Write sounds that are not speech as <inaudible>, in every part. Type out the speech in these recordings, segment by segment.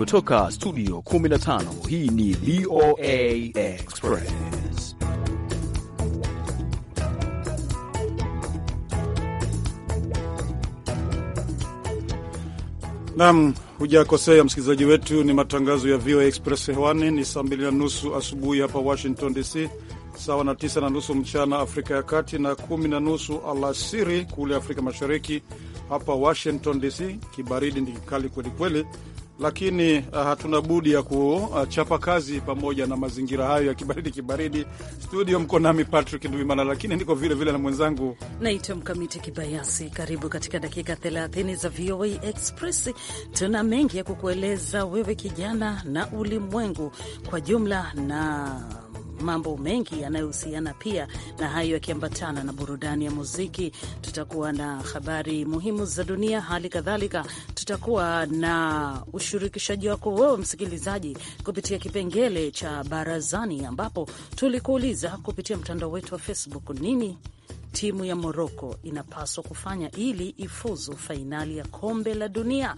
Kutoka studio 15 hii ni VOA Express. Naam, hujakosea msikilizaji wetu, ni matangazo ya VOA Express hewani. Ni saa mbili na nusu asubuhi hapa Washington DC, sawa na tisa na nusu mchana Afrika ya Kati na kumi na nusu alasiri kule Afrika Mashariki. Hapa Washington DC kibaridi ni kikali kwelikweli, lakini uh, hatuna budi ya kuchapa uh, kazi pamoja na mazingira hayo ya kibaridi kibaridi. Studio mko nami Patrick Nduimana, lakini niko vile vile na mwenzangu naitwa Mkamiti Kibayasi. Karibu katika dakika 30 za VOA Express. Tuna mengi ya kukueleza wewe kijana na ulimwengu kwa jumla na mambo mengi yanayohusiana pia na hayo, yakiambatana na burudani ya muziki. Tutakuwa na habari muhimu za dunia, hali kadhalika tutakuwa na ushirikishaji wako wewe msikilizaji kupitia kipengele cha barazani, ambapo tulikuuliza kupitia mtandao wetu wa Facebook nini timu ya Moroko inapaswa kufanya ili ifuzu fainali ya kombe la dunia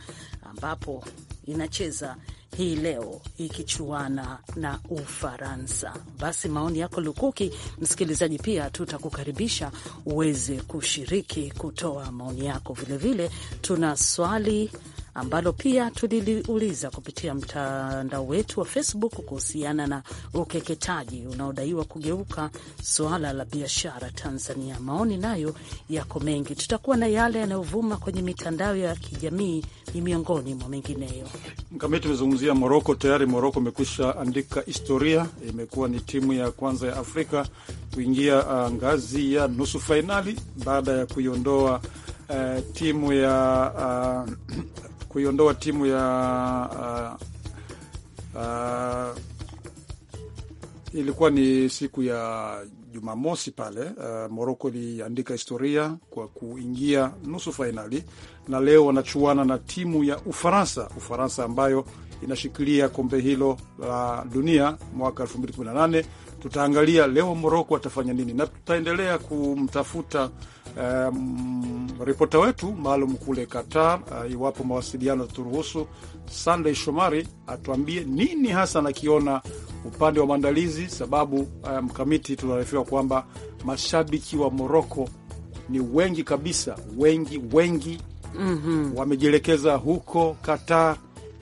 ambapo inacheza hii leo ikichuana na Ufaransa. Basi maoni yako lukuki, msikilizaji, pia tutakukaribisha uweze kushiriki kutoa maoni yako vilevile. Tuna swali ambalo pia tuliliuliza kupitia mtandao wetu wa Facebook kuhusiana na ukeketaji unaodaiwa kugeuka suala la biashara Tanzania. Maoni nayo yako mengi, tutakuwa na yale yanayovuma kwenye mitandao ya kijamii ni miongoni mwa mengineyo. Mkamiti tumezungumzia Moroko tayari. Moroko imekwisha andika historia, imekuwa ni timu ya kwanza ya Afrika kuingia uh, ngazi ya nusu fainali baada ya kuiondoa uh, timu ya uh, kuiondoa timu ya uh, uh, ilikuwa ni siku ya Jumamosi pale uh, Moroko iliandika historia kwa kuingia nusu fainali, na leo wanachuana na timu ya Ufaransa. Ufaransa ambayo inashikilia kombe hilo la dunia mwaka 2018. Tutaangalia leo Moroko atafanya nini, na tutaendelea kumtafuta Um, ripota wetu maalum kule Qatar, uh, iwapo mawasiliano turuhusu sandey Shomari atuambie nini hasa anakiona upande wa maandalizi, sababu eh, mkamiti um, tunaarifiwa kwamba mashabiki wa Moroko ni wengi kabisa, wengi wengi mm -hmm. wamejielekeza huko Qatar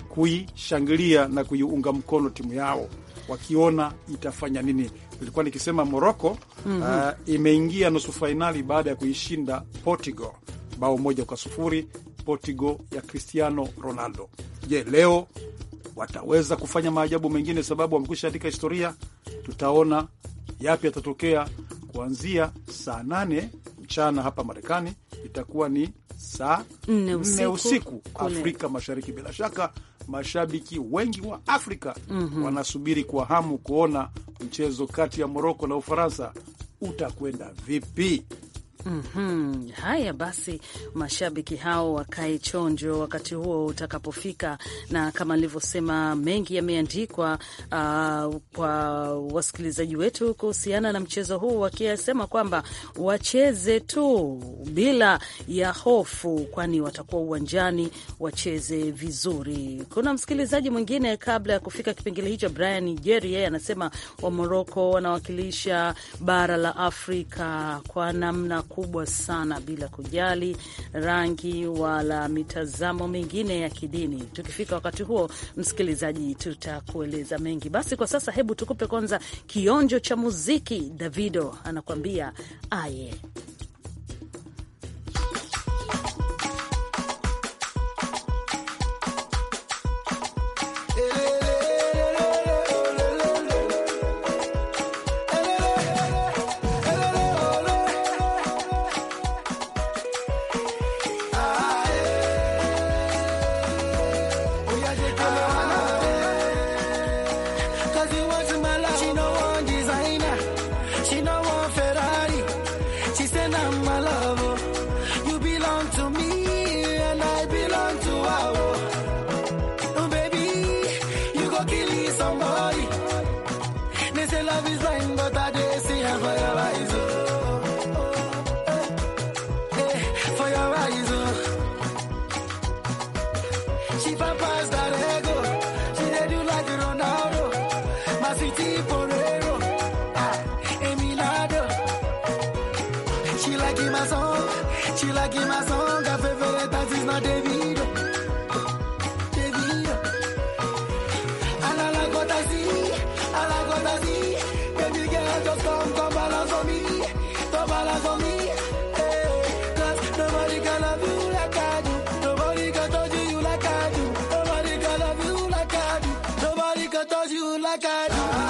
kuishangilia na kuiunga mkono timu yao wakiona itafanya nini. Nilikuwa nikisema Moroko mm -hmm. uh, imeingia nusu fainali baada ya kuishinda Portugal bao moja kwa sufuri Portugal ya Cristiano Ronaldo. Je, leo wataweza kufanya maajabu mengine? Sababu wamekwisha andika historia. Tutaona yapi yatatokea kuanzia saa nane mchana hapa Marekani, itakuwa ni saa nne usiku Afrika Mashariki. Bila shaka mashabiki wengi wa Afrika mm -hmm. wanasubiri kwa hamu kuona mchezo kati ya Moroko na Ufaransa utakwenda vipi. Mm -hmm. Haya basi, mashabiki hao wakae chonjo wakati huo utakapofika, na kama nilivyosema, mengi yameandikwa uh, kwa wasikilizaji wetu kuhusiana na mchezo huu, wakisema kwamba wacheze tu bila ya hofu, kwani watakuwa uwanjani, wacheze vizuri. Kuna msikilizaji mwingine kabla ya kufika kipengele hicho, Brian Jeri, yeye anasema Wamoroko wanawakilisha bara la Afrika kwa namna makubwa sana, bila kujali rangi wala mitazamo mingine ya kidini. Tukifika wakati huo, msikilizaji, tutakueleza mengi. Basi kwa sasa, hebu tukupe kwanza kionjo cha muziki. Davido anakuambia aye I got you.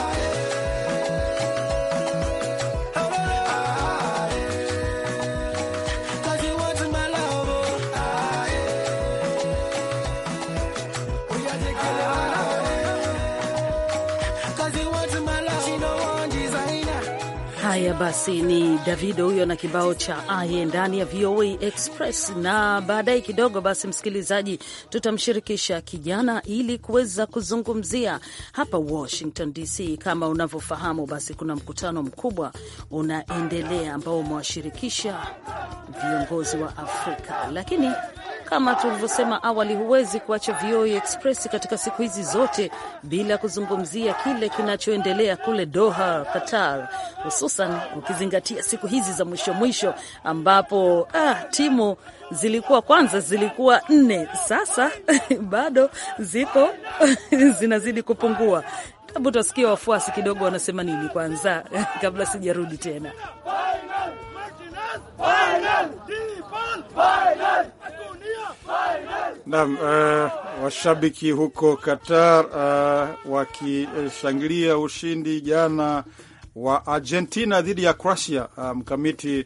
Basi ni david huyo na kibao cha aye ndani ya VOA Express. Na baadaye kidogo, basi msikilizaji, tutamshirikisha kijana ili kuweza kuzungumzia hapa Washington DC. Kama unavyofahamu, basi kuna mkutano mkubwa unaendelea ambao umewashirikisha viongozi wa Afrika, lakini kama tulivyosema awali, huwezi kuacha VOA Express katika siku hizi zote bila kuzungumzia kile kinachoendelea kule Doha, Qatar, hususan ukizingatia siku hizi za mwisho mwisho ambapo ah, timu zilikuwa kwanza zilikuwa nne, sasa <laughs> bado zipo <laughs> zinazidi kupungua. Hebu tuwasikie wafuasi kidogo wanasema nini kwanza <laughs> kabla sijarudi tena. Naam, uh, washabiki huko Qatar uh, wakishangilia ushindi jana wa Argentina dhidi ya Croatia. Ah, mkamiti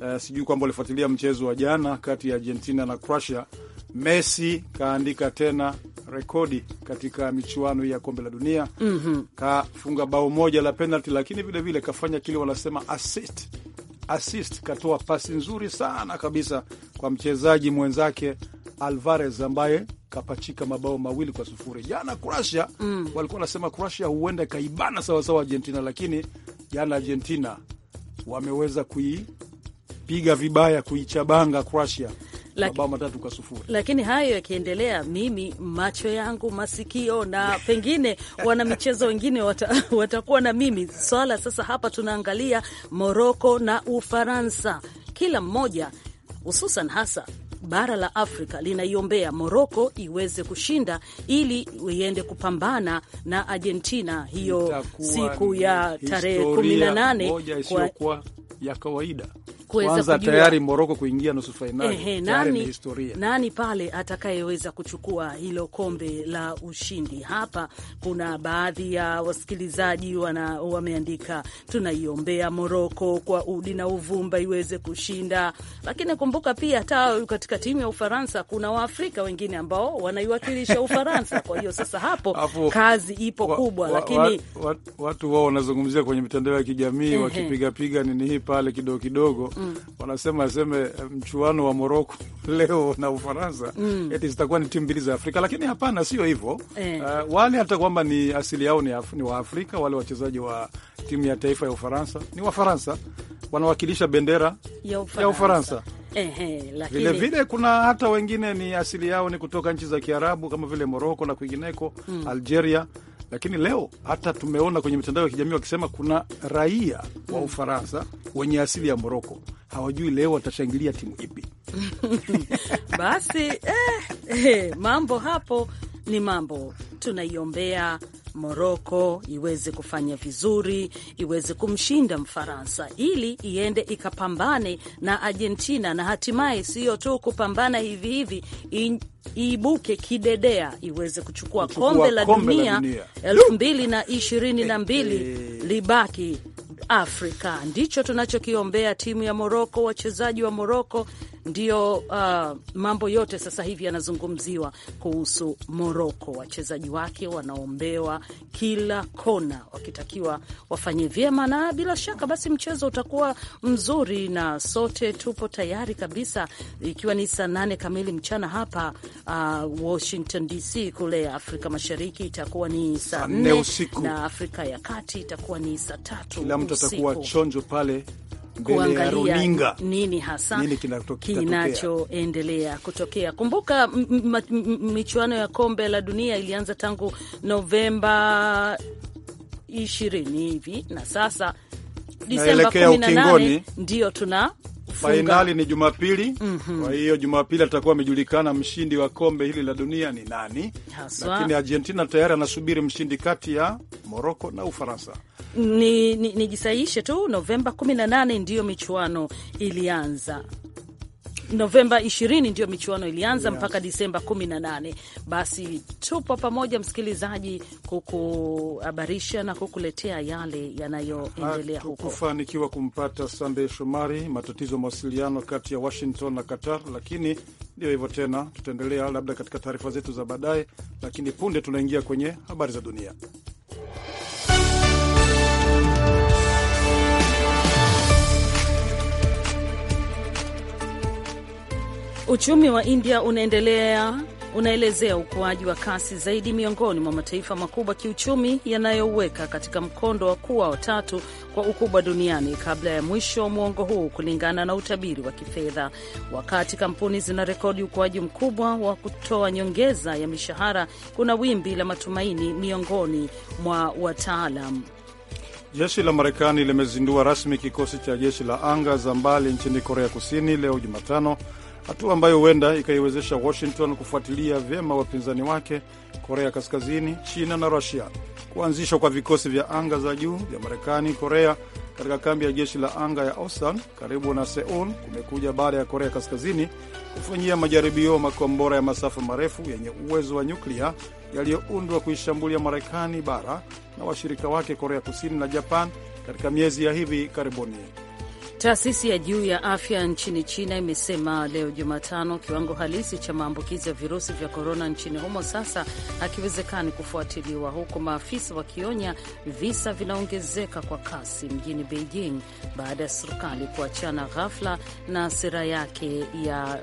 um, uh, sijui kwamba ulifuatilia mchezo wa jana kati ya Argentina na Croatia. Messi kaandika tena rekodi katika michuano ya kombe la dunia mm -hmm. Kafunga bao moja la penalty, lakini vilevile kafanya kile wanasema assist. Assist, katoa pasi nzuri sana kabisa kwa mchezaji mwenzake Alvarez ambaye kapachika mabao mawili kwa sufuri jana. Croatia mm. walikuwa wanasema Croatia huenda ikaibana sawasawa Argentina, lakini jana Argentina wameweza kuipiga vibaya, kuichabanga Croatia mabao matatu kwa sufuri. Lakini hayo yakiendelea, mimi macho yangu, masikio na <laughs> pengine wanamichezo wengine wata, watakuwa na mimi swala. Sasa hapa tunaangalia Moroko na Ufaransa, kila mmoja hususan hasa bara la Afrika linaiombea Moroko iweze kushinda ili iende kupambana na Argentina hiyo siku ya tarehe 18 kwa ya kawaida kuweza tayari Moroko kuingia nusu fainali eh, nani, nani pale atakayeweza kuchukua hilo kombe la ushindi? Hapa kuna baadhi ya wasikilizaji wana, wameandika tunaiombea Moroko kwa udi na uvumba iweze kushinda, lakini kumbuka pia hata katika timu ya Ufaransa kuna Waafrika wengine ambao wanaiwakilisha Ufaransa. Kwa hiyo sasa hapo Afu, kazi ipo wa, kubwa wa, lakini wa, wa, watu wao wanazungumzia kwenye mitandao ya kijamii wakipigapiga nini hii pale kidogo kidogo mm. wanasema aseme eh, mchuano wa Moroko <laughs> leo na Ufaransa mm. eti zitakuwa ni timu mbili za Afrika, lakini hapana, sio hivyo eh. Uh, wale hata kwamba ni asili yao ni, af, ni Waafrika. Wale wachezaji wa timu ya taifa ya Ufaransa ni Wafaransa, wanawakilisha bendera ya Ufaransa, ya Ufaransa. Vilevile vile kuna hata wengine ni asili yao ni kutoka nchi za Kiarabu kama vile Moroko na kwingineko mm. Algeria lakini leo hata tumeona kwenye mitandao ya kijamii wakisema kuna raia wa Ufaransa wenye asili ya Moroko hawajui leo watashangilia timu ipi. <laughs> Basi eh, eh, mambo hapo ni mambo tunaiombea Moroko iweze kufanya vizuri, iweze kumshinda Mfaransa ili iende ikapambane na Argentina, na hatimaye siyo tu kupambana hivi hivi iibuke kidedea iweze kuchukua, kuchukua kombe la dunia elfu mbili na ishirini na mbili eh, eh. libaki Afrika. Ndicho tunachokiombea timu ya Moroko, wachezaji wa Moroko Ndiyo, uh, mambo yote sasa hivi yanazungumziwa kuhusu Moroko, wachezaji wake wanaombewa kila kona, wakitakiwa wafanye vyema, na bila shaka basi mchezo utakuwa mzuri, na sote tupo tayari kabisa, ikiwa ni saa nane kamili mchana hapa uh, Washington DC. Kule Afrika Mashariki itakuwa ni saa nne usiku na Afrika ya Kati itakuwa ni saa tatu. Kila mtu atakuwa chonjo pale kuangalia nini hasa kinachoendelea kutokea. Kumbuka michuano ya kombe la dunia ilianza tangu Novemba ishirini hivi na sasa Disemba kumi ndio tuna fainali ni Jumapili. mm -hmm. Kwa hiyo Jumapili atakuwa amejulikana mshindi wa kombe hili la dunia ni nani, lakini Argentina tayari anasubiri mshindi kati ya Moroko na Ufaransa nijisaishe ni, ni tu Novemba 18 ndiyo michuano ilianza Novemba 20 ndio michuano ilianza yes, mpaka Disemba 18. Basi tupo pamoja msikilizaji, kukuhabarisha na kukuletea yale yanayoendelea huko. Kufanikiwa kumpata Sandey Shomari, matatizo ya mawasiliano kati ya Washington na Qatar, lakini ndio hivyo tena, tutaendelea labda katika taarifa zetu za baadaye, lakini punde tunaingia kwenye habari za dunia. Uchumi wa India unaendelea unaelezea ukuaji wa kasi zaidi miongoni mwa mataifa makubwa kiuchumi yanayoweka katika mkondo wa kuwa watatu kwa ukubwa duniani kabla ya mwisho wa mwongo huu, kulingana na utabiri wa kifedha. Wakati kampuni zina rekodi ukuaji mkubwa wa kutoa nyongeza ya mishahara, kuna wimbi la matumaini miongoni mwa wataalam. Jeshi la Marekani limezindua rasmi kikosi cha jeshi la anga za mbali nchini Korea Kusini leo Jumatano hatua ambayo huenda ikaiwezesha Washington kufuatilia vyema wapinzani wake Korea Kaskazini, China na Rusia. Kuanzishwa kwa vikosi vya anga za juu vya Marekani Korea katika kambi ya jeshi la anga ya Osan karibu na Seul kumekuja baada ya Korea Kaskazini kufanyia majaribio makombora ya masafa marefu yenye uwezo wa nyuklia yaliyoundwa kuishambulia Marekani bara na washirika wake Korea Kusini na Japan katika miezi ya hivi karibuni. Taasisi ya juu ya afya nchini China imesema leo Jumatano kiwango halisi cha maambukizi ya virusi vya korona nchini humo sasa hakiwezekani kufuatiliwa, huku maafisa wakionya visa vinaongezeka kwa kasi mjini Beijing baada ya serikali kuachana ghafla na sera yake ya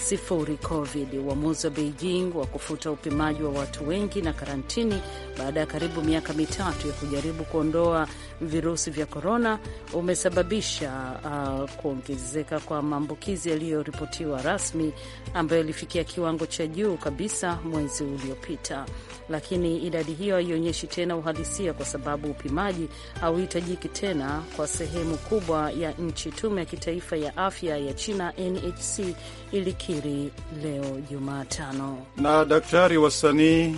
sifuri covid. Uamuzi wa Beijing wa kufuta upimaji wa watu wengi na karantini baada ya karibu miaka mitatu ya kujaribu kuondoa virusi vya korona umesababisha uh, kuongezeka kwa maambukizi yaliyoripotiwa rasmi ambayo ilifikia kiwango cha juu kabisa mwezi uliopita, lakini idadi hiyo haionyeshi tena uhalisia kwa sababu upimaji hauhitajiki tena kwa sehemu kubwa ya nchi. Tume ya kitaifa ya afya ya China NHC ilikiri leo Jumatano. Na daktari wasanii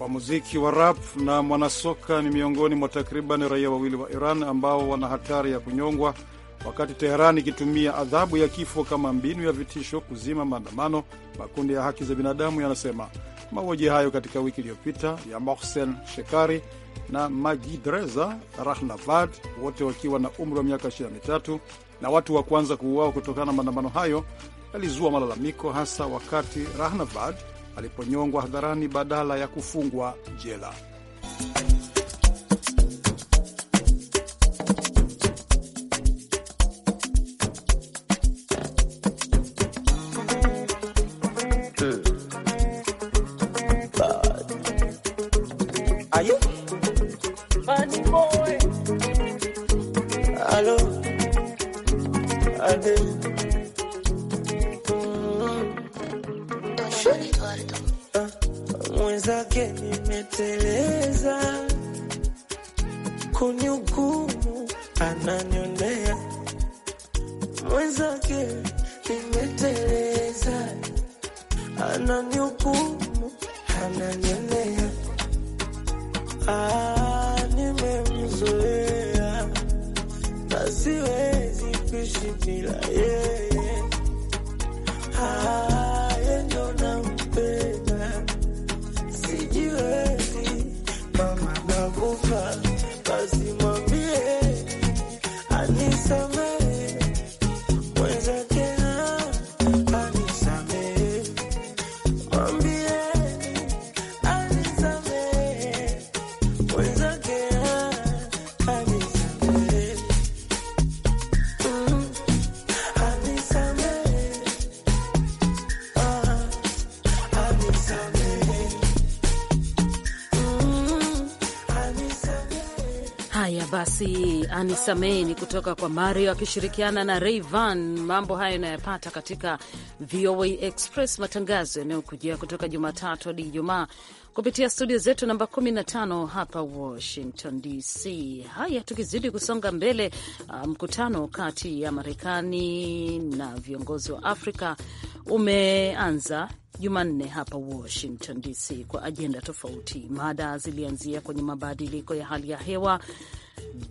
wa muziki wa rap na mwanasoka ni miongoni mwa takriban raia wawili wa Iran ambao wana hatari ya kunyongwa wakati Teheran ikitumia adhabu ya kifo kama mbinu ya vitisho kuzima maandamano. Makundi ya haki za binadamu yanasema mauaji hayo katika wiki iliyopita ya Mohsen Shekari na Magidreza Rahnavad, wote wakiwa na umri wa miaka 23 na watu wa kwanza kuuawa kutokana na maandamano hayo, yalizua malalamiko hasa wakati Rahnavad aliponyongwa hadharani badala ya kufungwa jela. magumu ananyelea, ah, nimemzoea na siwezi kuishi bila yeye. Ah, yendo nampenda, sijiwezi mama nakufa basi basi anisameni kutoka kwa Mario akishirikiana na Rayvan. Mambo hayo inayopata katika VOA Express, matangazo yanayokujia kutoka Jumatatu hadi Ijumaa kupitia studio zetu namba 15 hapa Washington DC. Haya, tukizidi kusonga mbele, uh, mkutano um, kati ya Marekani na viongozi wa Afrika umeanza Jumanne hapa Washington DC kwa ajenda tofauti. Mada zilianzia kwenye mabadiliko ya hali ya hewa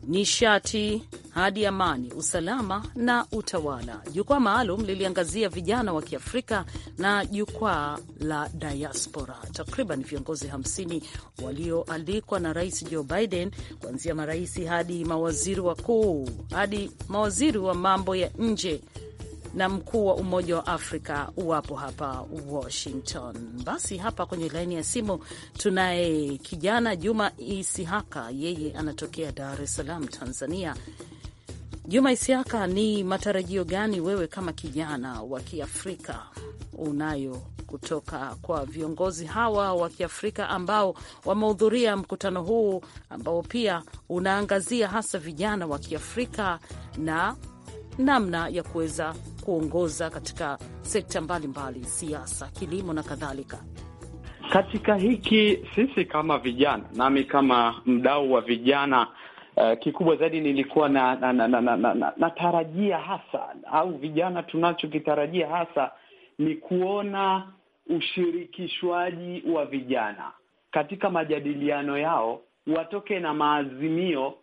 nishati hadi amani, usalama na utawala. Jukwaa maalum liliangazia vijana wa Kiafrika na jukwaa la diaspora. Takriban viongozi 50 walioalikwa na Rais Joe Biden, kuanzia marais hadi mawaziri wakuu hadi mawaziri wa mambo ya nje na mkuu wa Umoja wa Afrika wapo hapa Washington. Basi hapa kwenye laini ya simu tunaye kijana Juma Isihaka, yeye anatokea Dar es Salaam, Tanzania. Juma Isihaka, ni matarajio gani wewe kama kijana wa Kiafrika unayo kutoka kwa viongozi hawa wa Kiafrika ambao wamehudhuria mkutano huu ambao pia unaangazia hasa vijana wa Kiafrika na namna ya kuweza kuongoza katika sekta mbalimbali, siasa, kilimo na kadhalika? Katika hiki sisi kama vijana, nami kama mdau wa vijana Uh, kikubwa zaidi nilikuwa na natarajia na, na, na, na, na hasa au vijana tunachokitarajia hasa ni kuona ushirikishwaji wa vijana katika majadiliano yao, watoke na maazimio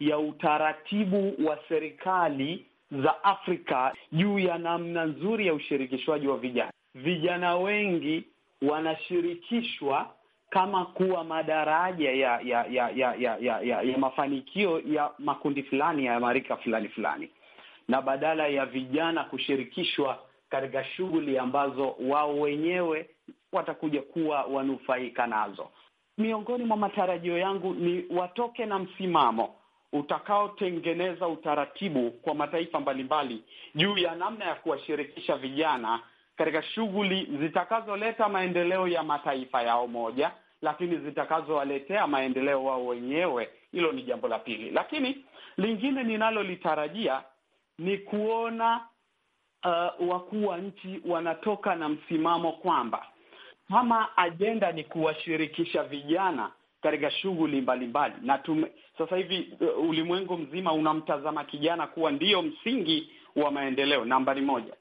ya utaratibu wa serikali za Afrika juu ya namna nzuri ya ushirikishwaji wa vijana. Vijana wengi wanashirikishwa kama kuwa madaraja ya ya ya ya ya ya, ya, ya mafanikio ya makundi fulani ya marika fulani fulani, na badala ya vijana kushirikishwa katika shughuli ambazo wao wenyewe watakuja kuwa wanufaika nazo. Miongoni mwa matarajio yangu ni watoke na msimamo utakaotengeneza utaratibu kwa mataifa mbalimbali juu ya namna ya kuwashirikisha vijana katika shughuli zitakazoleta maendeleo ya mataifa yao moja, lakini zitakazowaletea maendeleo wao wenyewe. Hilo ni jambo la pili, lakini lingine ninalolitarajia ni kuona uh, wakuu wa nchi wanatoka na msimamo kwamba kama ajenda ni kuwashirikisha vijana katika shughuli mbalimbali na tume, sasa hivi uh, ulimwengu mzima unamtazama kijana kuwa ndiyo msingi wa maendeleo nambari moja,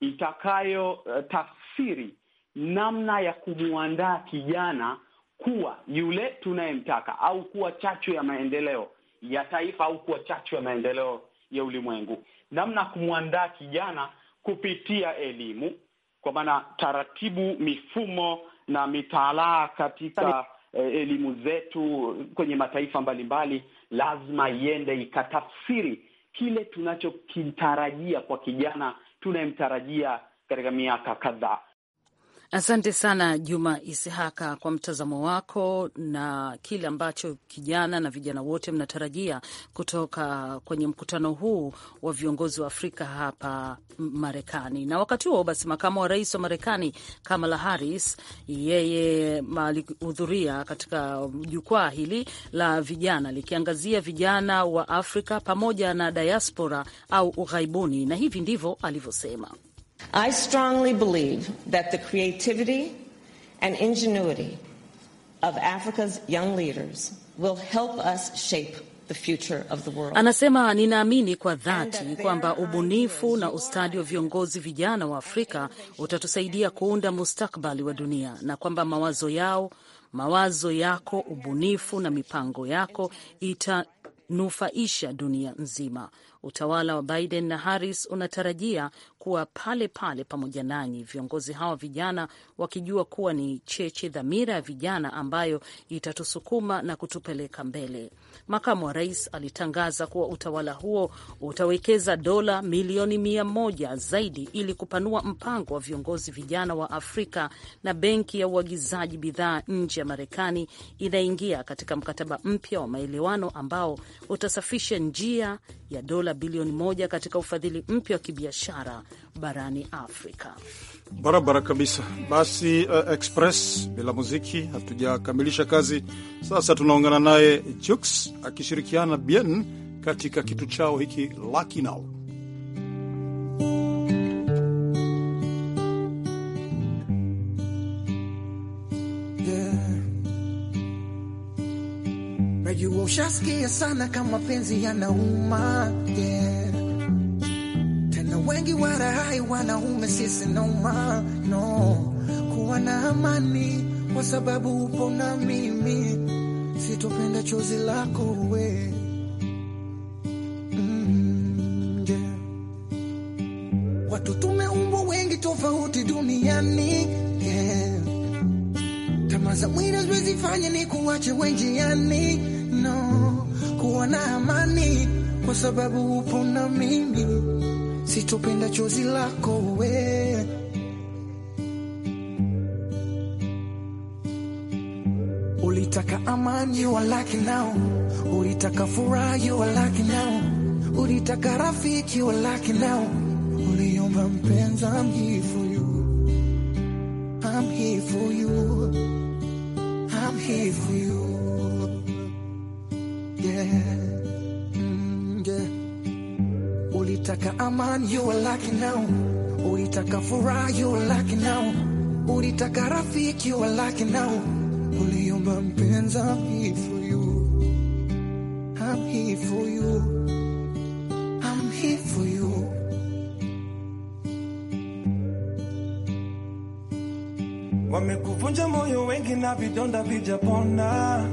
itakayo uh, tafsiri namna ya kumwandaa kijana kuwa yule tunayemtaka au kuwa chachu ya maendeleo ya taifa au kuwa chachu ya maendeleo ya ulimwengu, namna ya kumwandaa kijana kupitia elimu, kwa maana taratibu, mifumo na mitaalaa katika Eh, elimu zetu kwenye mataifa mbalimbali lazima iende ikatafsiri kile tunachokitarajia kwa kijana tunayemtarajia katika miaka kadhaa. Asante sana Juma Isihaka kwa mtazamo wako na kile ambacho kijana na vijana wote mnatarajia kutoka kwenye mkutano huu wa viongozi wa Afrika hapa Marekani. Na wakati huo basi, makamu wa rais wa Marekani Kamala Harris yeye alihudhuria katika jukwaa hili la vijana likiangazia vijana wa Afrika pamoja na diaspora au ughaibuni, na hivi ndivyo alivyosema. I strongly believe that the creativity and ingenuity of Africa's young leaders will help us shape The future of the world. Anasema ninaamini kwa dhati kwamba ubunifu na ustadi wa viongozi vijana wa Afrika utatusaidia kuunda mustakbali wa dunia na kwamba mawazo yao, mawazo yako, ubunifu na mipango yako ita nufaisha dunia nzima. Utawala wa Biden na Harris unatarajia kuwa pale pale pamoja nanyi. Viongozi hawa vijana wakijua kuwa ni cheche dhamira ya vijana ambayo itatusukuma na kutupeleka mbele. Makamu wa rais alitangaza kuwa utawala huo utawekeza dola milioni mia moja zaidi ili kupanua mpango wa viongozi vijana wa Afrika, na benki ya uagizaji bidhaa nje ya Marekani inaingia katika mkataba mpya wa maelewano ambao utasafisha njia ya dola bilioni moja katika ufadhili mpya wa kibiashara barani Afrika. Barabara kabisa. Basi uh, Express bila muziki hatujakamilisha kazi. Sasa tunaungana naye Jux akishirikiana Bien katika kitu chao hiki Lucky Now. ushasikia sana kama penzi yanauma, yeah wengi warahai wanaume sisi noma no kuwa na amani, kwa sababu upo na mimi, sitopenda chozi lako we mm, Watu tumeumbwa wengi tofauti duniani yeah. Tamaa za mwili haziwezi ni kuwache wenjiani no kuwa na amani, kwa sababu upo na mimi sitopenda chozi lako we ulitaka amani walaki nao, ulitaka furaha walaki nao, ulitaka rafiki walaki nao, uliomba mpenzi, I'm here for you, I'm here for you, I'm here for you, yeah Ulitaka amani walaki nao, ulitaka furaha walaki nao, ulitaka rafiki walaki nao, uliomba mpenzi, I'm here for you, I'm here for you, I'm here for you. Wamekuvunja moyo wengi na vidonda vijapona,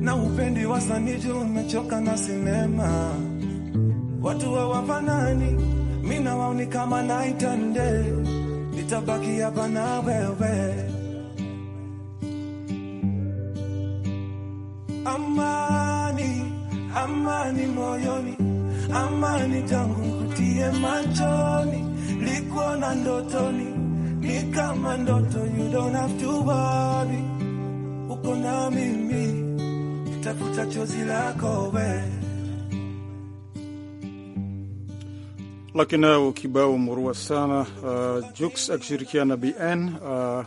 na upendi wasanii juu umechoka na sinema watu wa wafanani, mi na wao ni kama night and day, nitabaki hapa na wewe amani, amani moyoni, amani tangu kutie machoni, liko na ndotoni, ni kama ndoto, you don't have to worry, uko na mimi, tafuta chozi lako we lakini Lakinau kibao murua sana uh, Jux akishirikiana BN uh,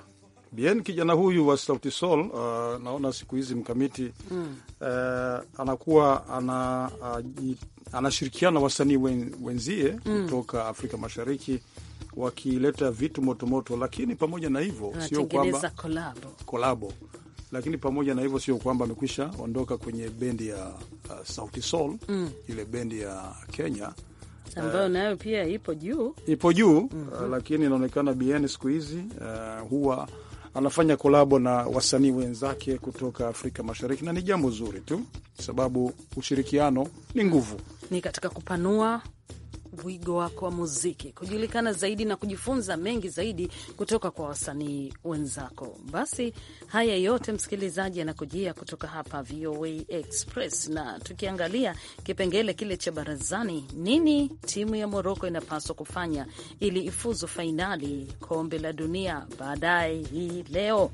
BN kijana huyu wa Sauti Sol uh, naona siku hizi mkamiti mm. uh, anakuwa ana, uh, anashirikiana wasanii wen, wenzie mm. kutoka Afrika Mashariki wakileta vitu motomoto, lakini pamoja na hivyo sio kwamba kolabo lakini pamoja na hivyo sio kwamba amekwisha ondoka kwenye bendi ya uh, Sauti Sol mm. ile bendi ya Kenya ambayo eh, nayo pia ipo juu, ipo juu mm -hmm. Lakini inaonekana bn siku hizi uh, huwa anafanya kolabo na wasanii wenzake kutoka Afrika Mashariki, na ni jambo zuri tu, sababu ushirikiano ni nguvu, ni katika kupanua wigo wako wa muziki, kujulikana zaidi na kujifunza mengi zaidi kutoka kwa wasanii wenzako. Basi haya yote, msikilizaji, anakujia kutoka hapa VOA Express, na tukiangalia kipengele kile cha barazani, nini timu ya Moroko inapaswa kufanya ili ifuzu fainali kombe la dunia baadaye hii leo?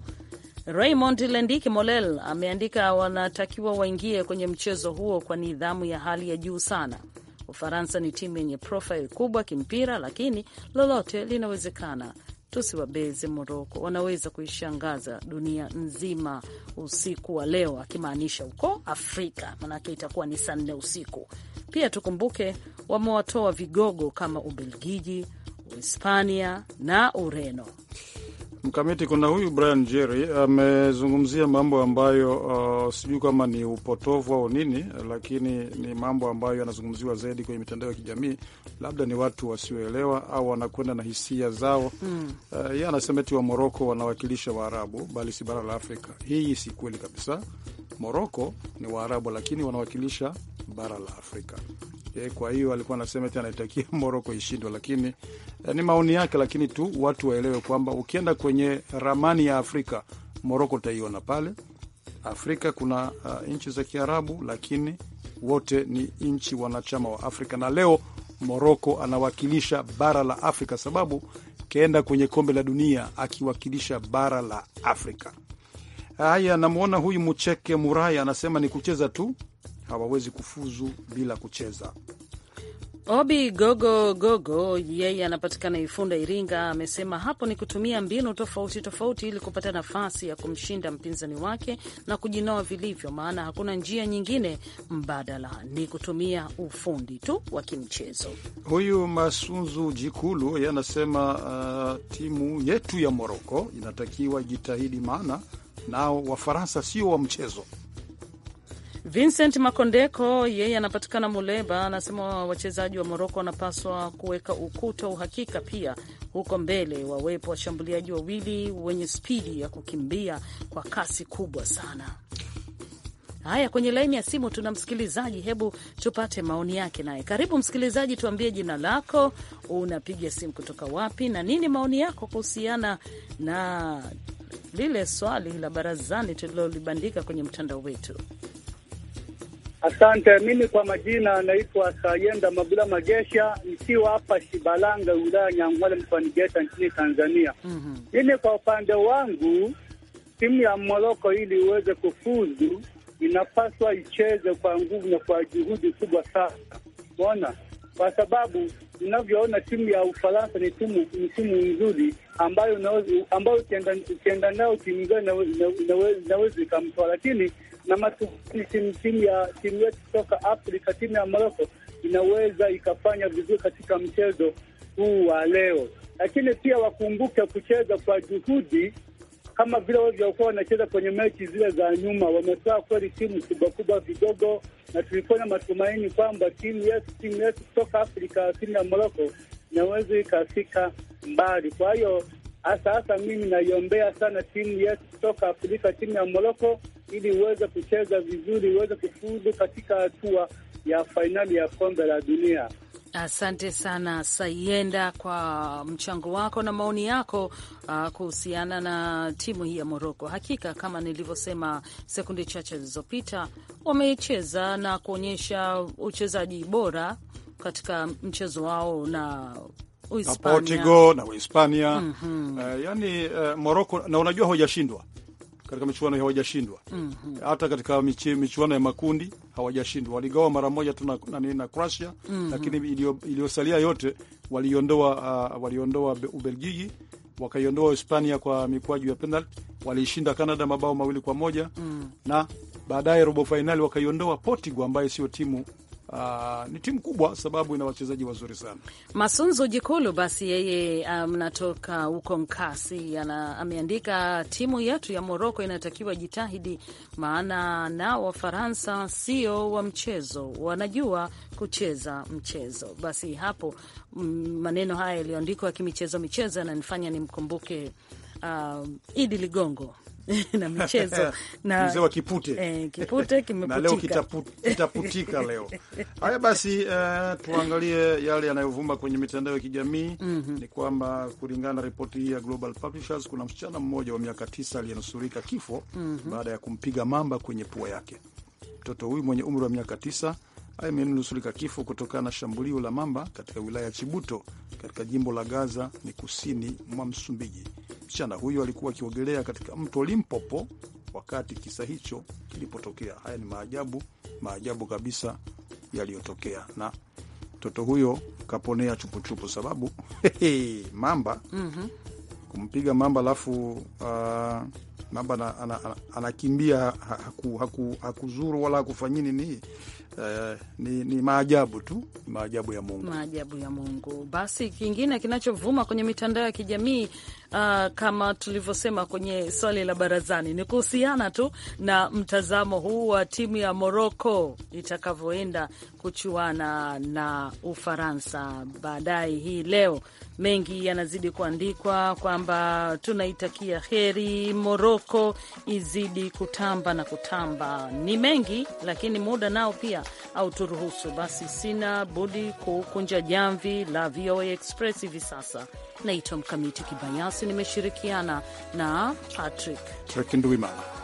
Raymond Lendiki Molel ameandika wanatakiwa waingie kwenye mchezo huo kwa nidhamu ya hali ya juu sana Ufaransa ni timu yenye profile kubwa kimpira, lakini lolote linawezekana. Tusiwabeze Moroko, wanaweza kuishangaza dunia nzima usiku wa leo, akimaanisha huko Afrika, manake itakuwa ni saa nne usiku. Pia tukumbuke wamewatoa vigogo kama Ubelgiji, Uhispania na Ureno. Mkamiti, kuna huyu Brian Jerry amezungumzia mambo ambayo uh, sijui kama ni upotovu au nini, lakini ni mambo ambayo yanazungumziwa zaidi kwenye mitandao ya kijamii. Labda ni watu wasioelewa au wanakwenda na hisia zao mm. Uh, ye anasema eti wa Moroko wanawakilisha Waarabu bali si bara la Afrika. Hii si kweli kabisa. Moroko ni Waarabu, lakini wanawakilisha bara la Afrika. E, kwa hiyo alikuwa anasema ti anaitakia <laughs> Moroko ishindwe, lakini e, ni maoni yake, lakini tu watu waelewe kwamba ukienda kwenye ramani ya Afrika Moroko utaiona pale. Afrika kuna uh, nchi za Kiarabu, lakini wote ni nchi wanachama wa Afrika, na leo Moroko anawakilisha bara la Afrika sababu kaenda kwenye kombe la dunia akiwakilisha bara la Afrika. Haya, namwona huyu mcheke Muraya anasema ni kucheza tu, hawawezi kufuzu bila kucheza. Obi Gogo Gogo yeye anapatikana Ifunda, Iringa, amesema hapo ni kutumia mbinu tofauti tofauti ili kupata nafasi ya kumshinda mpinzani wake na kujinoa vilivyo, maana hakuna njia nyingine mbadala, ni kutumia ufundi tu wa kimchezo. Huyu Masunzu Jikulu yeye anasema uh, timu yetu ya Moroko inatakiwa ijitahidi, maana na Wafaransa sio wa mchezo. Vincent Makondeko yeye anapatikana Muleba, anasema wachezaji wa Moroko wanapaswa kuweka ukuta uhakika, pia huko mbele wawepo washambuliaji wawili wenye spidi ya kukimbia kwa kasi kubwa sana. Haya, kwenye laini ya simu tuna msikilizaji, hebu tupate maoni yake naye. Karibu msikilizaji, tuambie jina lako, unapiga simu kutoka wapi, na nini maoni yako kuhusiana na lile swali la barazani tulilolibandika kwenye mtandao wetu. Asante. Mimi kwa majina naitwa Sayenda magula Magesha, nikiwa hapa Shibalanga, wilaya Nyang'wale, mkoani Geita, nchini Tanzania. mm -hmm. Mimi kwa upande wangu, timu ya Moroko ili iweze kufuzu inapaswa icheze kwa nguvu na kwa juhudi kubwa sana, mona, kwa sababu ninavyoona timu ya Ufaransa ni timu ni timu nzuri ambayo ambayo ukienda nao timu inaweza ikamtoa, lakini na matumaini timu ya timu yetu kutoka Afrika, timu ya moroko inaweza ikafanya vizuri katika mchezo huu wa leo, lakini pia wakumbuke kucheza kwa juhudi kama vile walivyokuwa wanacheza kwenye mechi zile za nyuma. Wametoa kweli timu kubwa kubwa vidogo, na tulifanya matumaini kwamba timu yetu timu yetu kutoka Afrika, timu ya Moroko inaweza ikafika mbali. Kwa hiyo hasa hasa mimi naiombea sana timu yetu kutoka Afrika, timu ya Moroko, ili uweze kucheza vizuri, uweze kufuzu katika hatua ya fainali ya kombe la dunia. Asante sana Sayenda kwa mchango wako na maoni yako uh, kuhusiana na timu hii ya Moroko. Hakika kama nilivyosema sekunde chache zilizopita, wamecheza na kuonyesha uchezaji bora katika mchezo wao na Uhispania na Portugal na Uhispania mm -hmm. Uh, yani uh, eh, Moroko na unajua hawajashindwa katika michuano hawajashindwa mm -hmm. Hata katika michuano ya makundi hawajashindwa, waligawa mara moja tu na Croatia mm -hmm. Lakini iliyosalia yote waliondoa, uh, waliondoa Ubelgiji wakaiondoa Hispania kwa mikwaju ya penalti. Waliishinda Canada mabao mawili kwa moja mm. na baadaye robo fainali wakaiondoa Portugal ambayo sio timu Uh, ni timu kubwa sababu ina wachezaji wazuri sana. Masunzu Jikulu basi yeye mnatoka um, huko Nkasi ana, ameandika timu yetu ya Moroko inatakiwa jitahidi, maana nao Wafaransa sio wa mchezo, wanajua kucheza mchezo. Basi hapo mm, maneno haya yaliyoandikwa ya kimichezo michezo yananifanya nimkumbuke uh, Idi Ligongo <laughs> na michezo <laughs> na mzee wa kipute <laughs> eh, kipute kimeputika na leo kitaputika leo. Haya basi, eh, tuangalie yale yanayovuma kwenye mitandao ya kijamii mm -hmm. Ni kwamba kulingana na ripoti hii ya Global Publishers, kuna msichana mmoja wa miaka tisa aliyenusurika kifo mm -hmm. baada ya kumpiga mamba kwenye pua yake. Mtoto huyu mwenye umri wa miaka tisa amenusurika kifo kutokana na shambulio la mamba katika wilaya ya Chibuto katika jimbo la Gaza ni kusini mwa Msumbiji. Msichana huyo alikuwa akiogelea katika mto Limpopo wakati kisa hicho kilipotokea. Haya ni maajabu, maajabu kabisa yaliyotokea, na mtoto huyo kaponea chupuchupu sababu <laughs> mamba mm -hmm. kumpiga mamba alafu uh, mamba anakimbia ana, ana, ana haku, haku, hakuzuru wala hakufanyini nini Uh, ni, ni maajabu tu, maajabu ya Mungu, maajabu ya Mungu. Basi kingine kinachovuma kwenye mitandao ya kijamii uh, kama tulivyosema kwenye swali la barazani ni kuhusiana tu na mtazamo huu wa timu ya Morocco itakavyoenda kuchuana na Ufaransa baadaye hii leo. Mengi yanazidi kuandikwa kwamba tunaitakia heri Morocco, izidi kutamba na kutamba. Ni mengi, lakini muda nao pia au turuhusu basi sina budi kukunja jamvi la VOA Express hivi sasa. Naitwa Mkamiti Kibayasi, nimeshirikiana na Patrick Ndwimana.